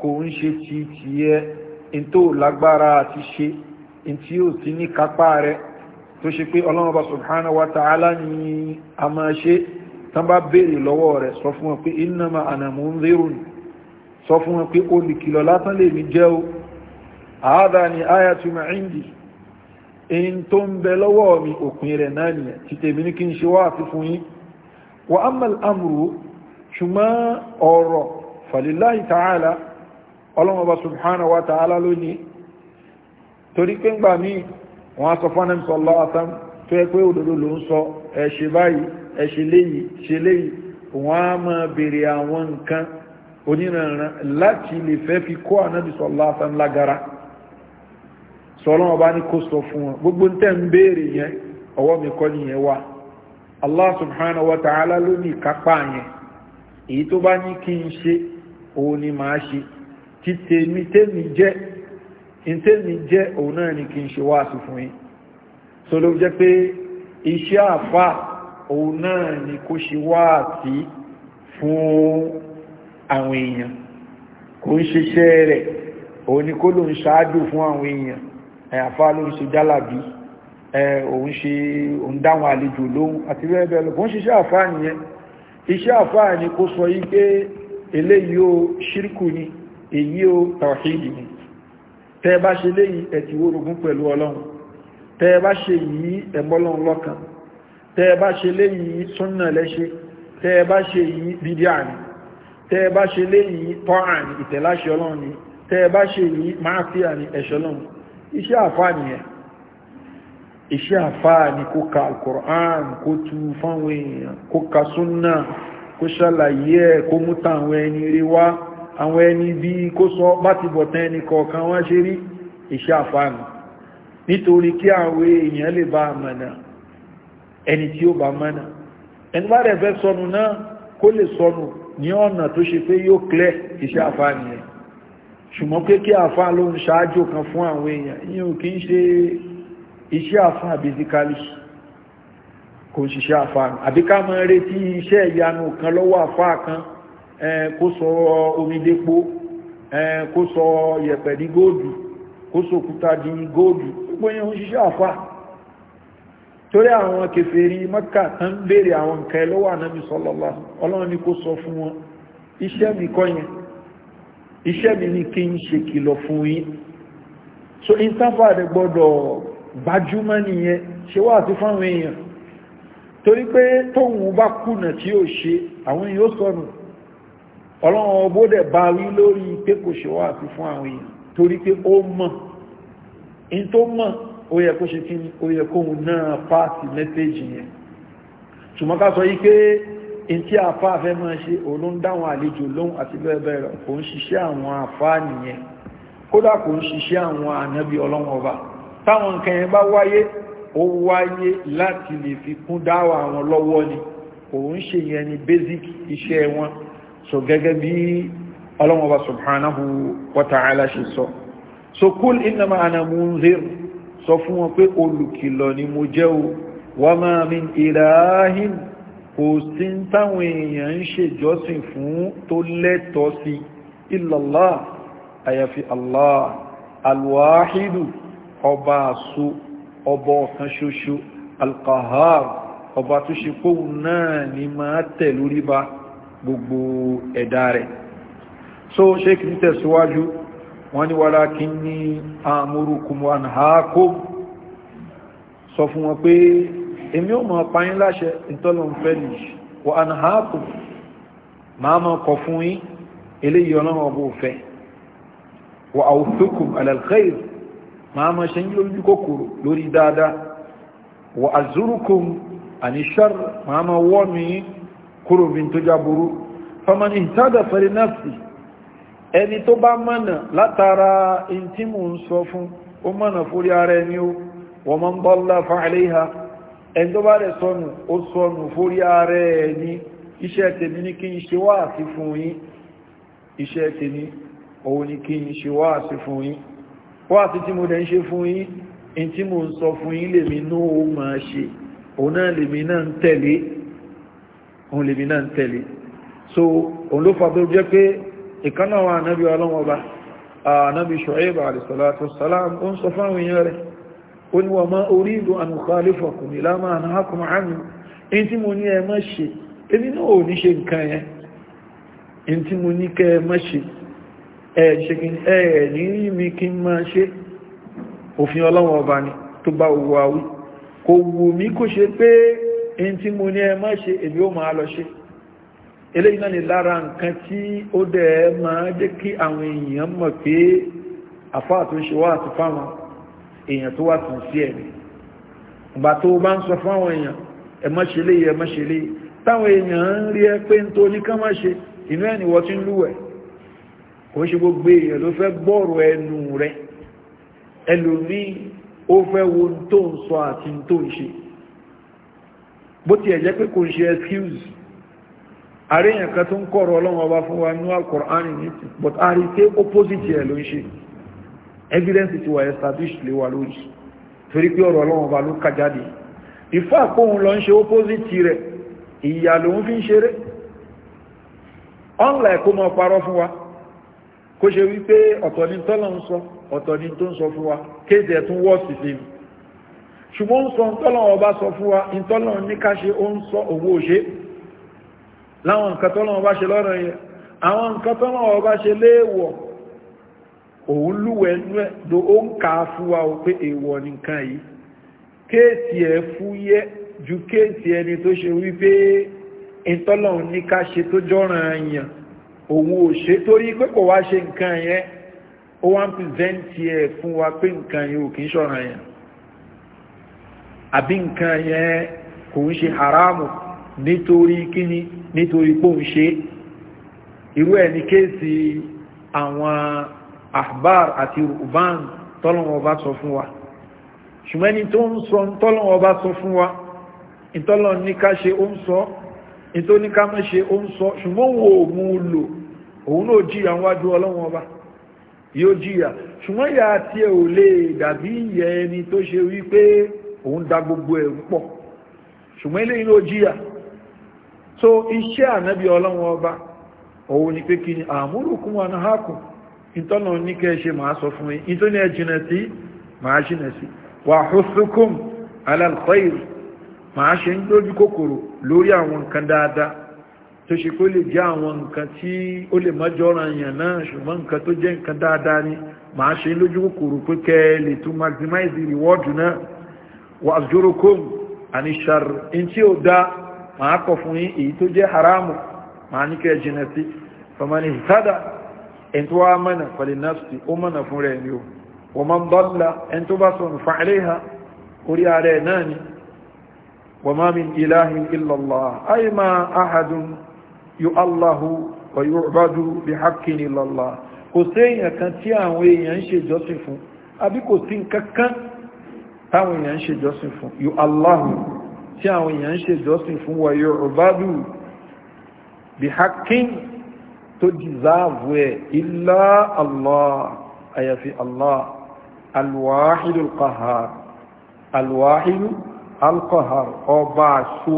Speaker 1: kò ń ṣe ti tiẹ̀ in tó lágbára àti ṣe in tí ó ti ní kápá rẹ tó ṣe pé ọlọ́mọba subhanahu wa ta'ala ni a máa ṣe tán bá béèrè lọ́wọ́ rẹ̀ sọ fún wọn pé innama ana mundhirun sọ fún wọn pé olùkìlọ̀ látán lè mi jẹ́ o àádá ni ayatu ma indi in tó ń bẹ lọ́wọ́ mi òpin rẹ̀ náà nìyẹn ti tèmi ní kí n ṣe wá àti fún yín wa amal amru ṣùgbọ́n ọ̀rọ̀ falillahi ta'ala ọlọ́mọba subhanahu wa ta'ala lónìí torí pé ń gbà míì wọ́n á sọ fánàmì sọ lọ́wọ́ tó yẹ pé òdodo ló ń sọ ẹ̀ ṣe báyìí ẹ̀ṣẹ̀lẹ́yìí ṣẹlẹ́yìí wọ́n a máa bèèrè àwọn nǹkan oníranran láti lè fẹ́ fi kó ànábì sọ̀lá afẹ́ńlágara sọ̀rọ̀ ọba ní kó sọ fún wọn gbogbo tẹ́ ń bèèrè yẹn ọwọ́ mi kọ́ nìyẹn wá Allah subhanahu wa ta'ala ló ní ìkápá yẹn èyí tó bá ní kí n ṣe òun ni màá ṣe títèmi tèmi jẹ́ ìtèmi jẹ́ òun náà ni kí n ṣe wá sí fún yín so ló jẹ́ pé iṣẹ́ àfáà òun náà ni kó ṣe wáàtí fún àwọn èèyàn kò ń ṣiṣẹ́ rẹ̀ òun ni kó ló ń ṣáájú fún àwọn èèyàn àyàfá ló ń ṣe jálàbí òun ṣe òun dáwọn àlejò lóhun àti bẹ́ẹ̀ kò ń ṣiṣẹ́ àfáà nìyẹn iṣẹ́ àfáà ni kó sọ yí pé eléyìí ó ṣírkù ni èyí ó tàwàṣíìdì ni tẹ́ bá ṣe léyìí ẹ pẹ̀lú ọlọ́run tẹ́ bá ṣe yìí ẹ̀mọ́lọ́run lọ́kàn tẹ́ bá ṣe léyìí súnnà lẹ́ṣe tẹ́ bá ṣe yìí bídíà ni tẹ́ bá ṣe léyìí tọ́à ni ìtẹ̀láṣẹ ọlọ́run ni tẹ́ bá ṣe yìí máfíà ni ẹ̀ṣọ́ ọlọ́run iṣẹ́ àfáà ni kó ka alkùrán kó tu fáwọn èèyàn kó ka súnnà kó ṣàlàyé àwọn ẹni rí wá kó sọ bá ti ẹni kọ̀ọ̀kan wá ṣe rí nítorí kí àwọn èèyàn lè bá ẹni tí ó bá mọ́nà ẹni bá rẹ̀ fẹ́ sọnù náà kó lè sọnù ní ọ̀nà tó ṣe pé yóò klẹ́ iṣẹ́ àfá nìyẹn ṣùgbọ́n pé kí àfá ló ń ṣáájú kan fún àwọn èèyàn yíò kí ń ṣe iṣẹ́ àfá àbízíkálì kò ń ṣiṣẹ́ àfá àbí ká mọ́ retí iṣẹ́ ìyanu kan lọ́wọ́ àfá kan kó sọ omi kó sọ yẹ̀pẹ̀ di góòdù kó sọ òkúta di góòdù gbogbo yẹn ń ṣiṣẹ́ àfá torí àwọn kèfèrí Mẹ́kà tán béèrè àwọn nǹkan ẹ lọ́wọ́ ànábì sọ́lọ́lá ọlọ́run ni kó sọ fún wọn iṣẹ́ mi kọ́ yẹn iṣẹ́ mi ni kí n ṣe kìlọ̀ fún yín so intafa rẹ̀ gbọ́dọ̀ gbajúmọ̀ nìyẹn ṣe wá àti fáwọn èèyàn torí pé tóun bá kùnà tí ó ṣe àwọn èèyàn ó sọnù ọlọ́run ọbọ̀dẹ̀ bá wí lórí pé kò ṣe wá àti fún àwọn èèyàn torí pé ó mọ̀ ó yẹ kó ṣe kí ni ó yẹ kóhun náà pààtì mẹ́tẹ́jì yẹn ṣùgbọ́n ká sọ yí pé in tí àfá fẹ́ máa ṣe òun ń dáwọn àlejò lóhun àti bẹ́ẹ̀ bẹ́ẹ̀ rẹ̀ kò ń ṣiṣẹ́ àwọn àfá nìyẹn kódà kò ń ṣiṣẹ́ àwọn ànábí ọlọ́wọ́n ọba táwọn nǹkan yẹn bá wáyé ó wáyé láti lè fi kún dáwà àwọn lọ́wọ́ ni kò ń ṣe yẹn ni basic iṣẹ́ wọn so gẹ́gẹ́ bí ọlọ́wọ́n ọba subhanahu wa ta'ala ṣe sọ so kúl innama ana munzir sọ fún wọn pé olùkìlọ̀ ni mo jẹ́ o wà máa mi ìlàáhìn kò sí táwọn èèyàn ń ṣèjọ́sìn fún tó lẹ́tọ̀ọ́ sí ìlàlá àyàfi allah alwahidu ọba àṣò ọba ọ̀kan ṣoṣo alkahar ọba tó ṣe kóhùn náà ni máa tẹ̀ lórí bá gbogbo ẹ̀dá rẹ̀ so sheik ní tẹ̀síwájú wọ́n ní walakinni amurukum wa anhaakum sọ fún wọn pé èmi ò mọ̀ pààyín láṣẹ ìtọ́lọ̀nfẹ́ nìyí wa anhaakum máa mọ̀ kọ̀ fún yín eléyìí ọlọ́run ọba òfẹ́ wa awthukum ala alkhair máa mọ̀ ṣe ń lójú kòkòrò lórí dáadáa wọ́n mi ẹni tó bá mọ̀nà látara in tí mò ń sọ fún ó mọ̀nà fórí ara ẹni ó wọ́n mọ́ ń bọ́lá fa'aléha ẹni tó bá rẹ̀ sọnù ó sọnù fórí ara ẹni iṣẹ́ tèmi ní kí n ṣe wá àti fún yín iṣẹ́ tèmi òun ni kí n ṣe wá àti fún yín wá àti tí mo dẹ̀ ń ṣe fún yín in tí ń sọ fún yín lèmi náà ó máa ṣe òun náà lèmi náà ń tẹ̀lé òun lèmi náà ń tẹ̀lé so òun ló fà tó jẹ́ pé ìkaná wa anábí ọlọ́wọ́ba anábí ṣọ̀ẹ́bà alìsọ̀látọ̀ salam ó ń sọ fáwọn èèyàn rẹ̀ ó ní wà máa orí ìlú ànùkálífọ̀kùn ní lámà ànáhàkùnmọ̀ àmì in tí mo ní ẹ má ṣe èmi náà ò tí mo ní ẹ má ṣe èmi ó máa lọ ṣe eléyìí náà ni lára nǹkan tí ó dẹ̀ máa jẹ́ kí àwọn èèyàn mọ̀ pé àfáà tó ń ṣe wá àti fáwọn èèyàn tó wà tún sí ẹ̀mí ìgbà tó bá ń sọ fáwọn èèyàn ẹ̀mọ́ṣelé ẹ̀mọ́ṣelé táwọn èèyàn ń rí ẹ pé ń tó ní ká má ṣe inú ẹni wọ́n ti ń lúwẹ̀ kò ṣe gbogbo èèyàn ló fẹ́ gbọ́rọ̀ ẹnu rẹ ẹlòmíì ó fẹ́ wo tó ń sọ àti tó ń ṣe bó tiẹ̀ jẹ́ pé kò ń ṣe excuse àríyàn kan tó ń kọ̀rọ̀ ọlọ́run ọba fún wa ní alkùránì ní ti but a rí pé opposite ẹ̀ ló ń ṣe evidence ti wà established lé wa lórí torí pé ọ̀rọ̀ ọlọ́run ọba ló kà jáde ìfọ́ àkóhun lọ ń ṣe opposite rẹ̀ ìyà ló ń fi ń ṣeré unlike kó mọ parọ́ fún wa kó ṣe wípé ọ̀tọ̀ ni tọ́lọ̀ ń sọ ọ̀tọ̀ ni tó ń sọ fún wa kéde ẹ̀tún wọ́ọ̀sì sí ṣùgbọ́n ń sọ ń tọ́lọ̀ ọba sọ fún wa ń tọ́lọ̀ ní ká ṣe ó ń sọ òwò òṣèlú láwọn nǹkan tọ́lọ́wọ́ bá ṣe lọ́rọ̀ yẹn àwọn nǹkan tọ́lọ́wọ́ bá ṣe léèwọ̀ òun lúwẹ̀ ló ó ń kà fún wa ó pé èèwọ̀ nìkan yìí kéèsì ẹ̀ fúyẹ́ ju kéèsì ẹni tó ṣe wípé ìtọ́lọ́run ní ká ṣe tó jọ́ràn yàn òun ò ṣe torí pé kò wá haramu nítorí kíni nítorí pò ń ṣe irú ẹni kéèsì àwọn ahbar àti ruban tọ́lọ́wọ́ sọ fún wa ṣùgbọ́n ni tó ń sọ tọ́lọ́wọ́ bá sọ fún wa ìtọ́lọ́ ní ká ṣe ó ń sọ ìtọ́ ní ká mọ́ ṣe ó ń sọ ṣùgbọ́n wo mú lò òun náà jìyà wájú ọlọ́wọ́ bá yóò jìyà ṣùgbọ́n ìyà àti ẹ̀ ò lè dàbí ìyẹ ẹni tó ṣe wípé òun da gbogbo ẹ̀ pọ̀ ṣùgbọ́n eléyìí ló jìyà so iṣẹ́ ànábí ọlọ́run ọba òun ni pé kí ni àmúrùkún wọn náà kù ìtọ́nà ní kẹ́ ṣe máa sọ fún yín tó ní ẹ jìnà sí máa jìnà sí wà hùsùkùn alàlùkọ́ìrì máa ṣe ń lójú kòkòrò lórí àwọn nǹkan dáadáa tó ṣe kó lè jẹ́ àwọn nǹkan tí ó lè mọ́jọ́ra èèyàn náà ṣùgbọ́n nǹkan tó jẹ́ nǹkan dáadáa ni máa ṣe lójú kòkòrò pé kẹ́ lè tún maximize reward náà wà jórokòm àníṣàrò in tí ó dáa màá kọ̀ fún yín èyí tó jẹ́ haramu màá ní kẹ́ jìnà sí fọmọ́ni ìtàdà ẹni tó wá mọ́nà pẹ̀lú nafsi ó mọ́nà fún rẹ̀ ni o wọ́n máa ń bọ́lá ẹni tó bá sọnù fàálẹ́ ha orí ààrẹ náà ni wọ́n máa min tí àwọn èèyàn ń ṣe jọ́sìn fún wa yu'badu bí haqqin tó dìzáàbù ẹ̀ illa Allah àyàfi Allah alwáhìlú alqahar alwáhìlú alqahar ọba àṣó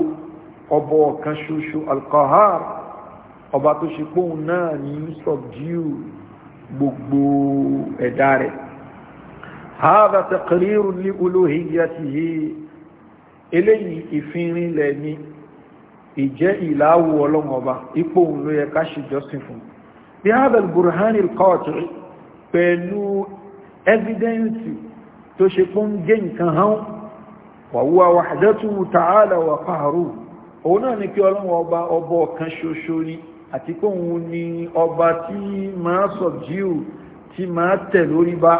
Speaker 1: ọba ọ̀kan ṣoṣo alqahar ọba tó ṣe póun náà ní subdue gbogbo ẹ̀dá rẹ̀ هذا تقرير لألوهيته eléyìí ìfinrinlẹ̀ ni ìjẹ́ ìlàáwò ọlọ́run ọba ipò òun ló yẹ ká ṣèjọsìn fún bí abel burhani kọ́ọ̀tù pẹ̀lú ẹ́fídẹ́ǹsì tó ṣe pọ́n gé nǹkan hàn wàwúwa wàhádẹ́tù tààlà wà pààrù òun náà ni kí ọlọ́run ọba ọba ọ̀kan ṣoṣo ni àti pé òun ni ọba tí máa sọ̀jíù tí máa tẹ̀ lórí bá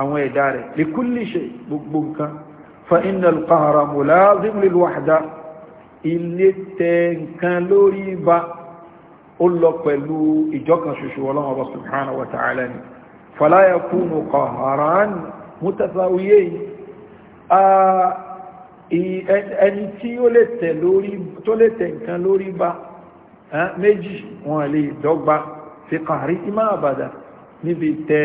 Speaker 1: àwọn ẹ̀dá rẹ̀ lè kúlìṣẹ̀ gbogbo nǹkan فإن القهر ملازم للوحدة ilé tẹ nǹkan lórí bá ó lọ pẹ̀lú ìjọkan ṣoṣo ọlọ́wọ́ bá subhanahu wa ta'ala ni fala yakunu qaharan mutasawiye ẹni tí ó lè tẹ nǹkan lórí bá méjì wọn lè dọ́gba fi qahri ima abada níbi tẹ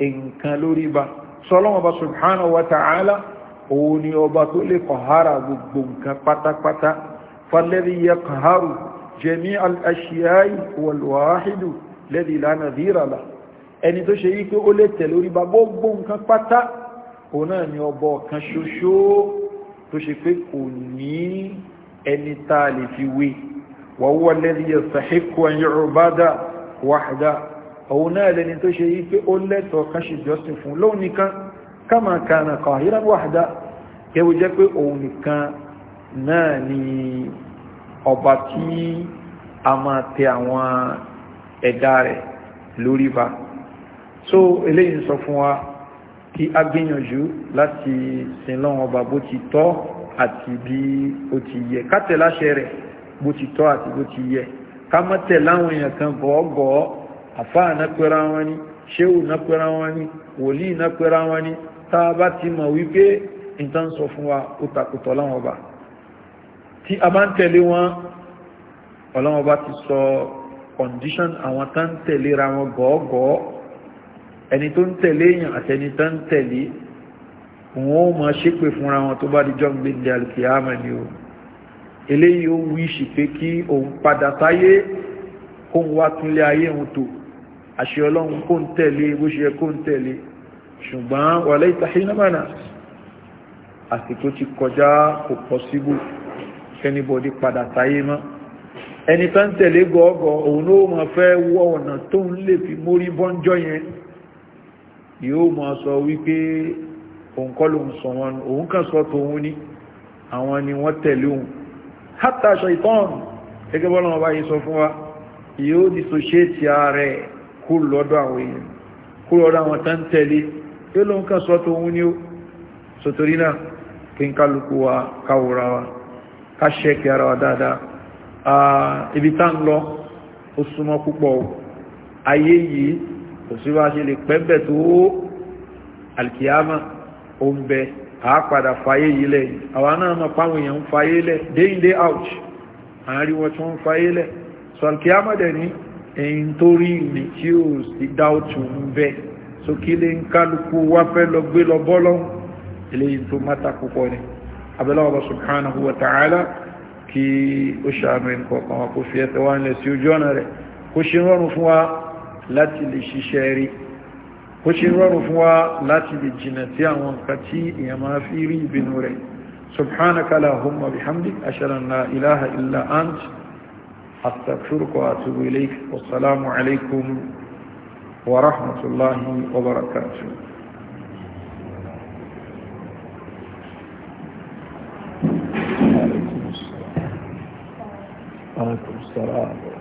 Speaker 1: nǹkan lórí bá sọ́lọ́wọ́ bá subhanahu wa ta'ala òun ni ọba tó lè kọ̀hárà gbogbo nǹkan pátápátá falẹ́rí yẹ kọ̀hárù jẹ̀mí al'ashiyai wàlúwàáhìdù lẹ́dì lánà zírala ẹni tó ṣe yí pé ó lè tẹ̀ lórí bá gbogbo nǹkan pátá òun náà ni ọba ọ̀kan ṣoṣo tó ṣe pé kò ní ẹni tá lè fi wé wàwúwà kama kana qahiran wahda kẹwò jẹ́ pé òun nìkan náà ni ọba tí a máa tẹ àwọn ẹ̀dá rẹ̀ lórí ba so eléyìí ń sọ fún wa kí a gbìyànjú láti sin lọ́wọ́n ọba bó ti tọ́ àti bí ó ti yẹ ká tẹ̀ láṣẹ rẹ̀ bó ti tọ́ àti bó ti yẹ ká má tẹ̀ láwọn èèyàn kan gọ́ọ̀gọ́ àfáà náà pẹ́ra wọn ni ṣéwù náà pẹ́ra wọn ni wòlíì náà pẹ́ra wọn ni tá a bá ti mọ̀ wípé nǹkan sọ fún wa ó takùtọ̀ láwọn ọba tí a bá ń tẹ̀lé wọn ọlọ́wọ́n ọba ti sọ condition àwọn tá ń tẹ̀léra wọn gọ́ọ̀gọ́ọ̀ ẹni tó ń tẹ̀lé èèyàn àtẹni tá ń tẹ̀lé wọn ó máa ṣépè fúnra wọn tó bá di jọ́ gbé ní alìkìyàmà ni o eléyìí ó wí ṣìpé kí òun padà sáyé kóun wá túnlé ayé òun tó àṣẹ ọlọ́run kó ń tẹ̀lé bó ṣe yẹ kó ń tẹ̀lé ṣùgbọ́n wàlẹ́ ìtàhínàmánà àsìkò ti kọjá kò pọ̀síbù kẹ́nìbọ̀dì padà sáyé mọ́ ẹni tán tẹ̀lé gọ́ọ̀gọ́ òun ó máa fẹ́ wọ ọ̀nà tó ń lè fi mórí bọ́njọ́ yẹn yóò máa sọ wípé òun kọ́ ló ń sọ wọn òun kàn sọ tòun ní àwọn ni wọ́n tẹ̀lé òun hátà aṣọ ìtọ́n gẹ́gẹ́ bọ́lá wọn bá yìí sọ fún wa yóò dìsòṣéètì ààrẹ kú lọ́dọ̀ àwọn èèyàn kú lọ́dọ̀ àwọn tán tẹ̀lé yóò lóun kàn sọ tòun ní ó sòtòrí náà kí n kálukú wa káwòrá wa ká ṣẹ́kì ara wa dáadáa ibi tá ń lọ ó súnmọ́ púpọ̀ ayé yìí kò sí wá ṣe lè pẹ́bẹ̀ tó alkiyama ó ń bẹ a fayé yìí lẹ̀ àwa náà mọ̀ páwọn èèyàn ń fayé lẹ̀ day in day out àárín wọn tí ń fayé lẹ̀ so alkiyama dẹ̀ ní èyí tó rí ní tí ó sì dá òtún ń bẹ so kí lè ń kálukú wá fẹ́ lọ gbé lọ bọ́lọ́hùn eléyìí tó mátà púpọ̀ ni abẹ́lọ́wọ́ subhanahu wa ta'ala kí ó ṣàánú ẹnìkọ̀ọ̀kan wa kó fi ẹsẹ̀ wá nílẹ̀ sí ojú ọ̀nà rẹ̀ kó ṣe rọrùn fún wa láti lè ṣiṣẹ́ rí kó ṣe rọrùn fún wa láti lè jìnà sí àwọn nǹkan tí èèyàn máa fi rí ìbínú rẹ̀ subhanaka lahumma bihamdik ashhadu an la ilaha ant astaghfiruka wa atubu ilayk wassalamu alaykum wa rahmatullahi wa barakatuh والسلام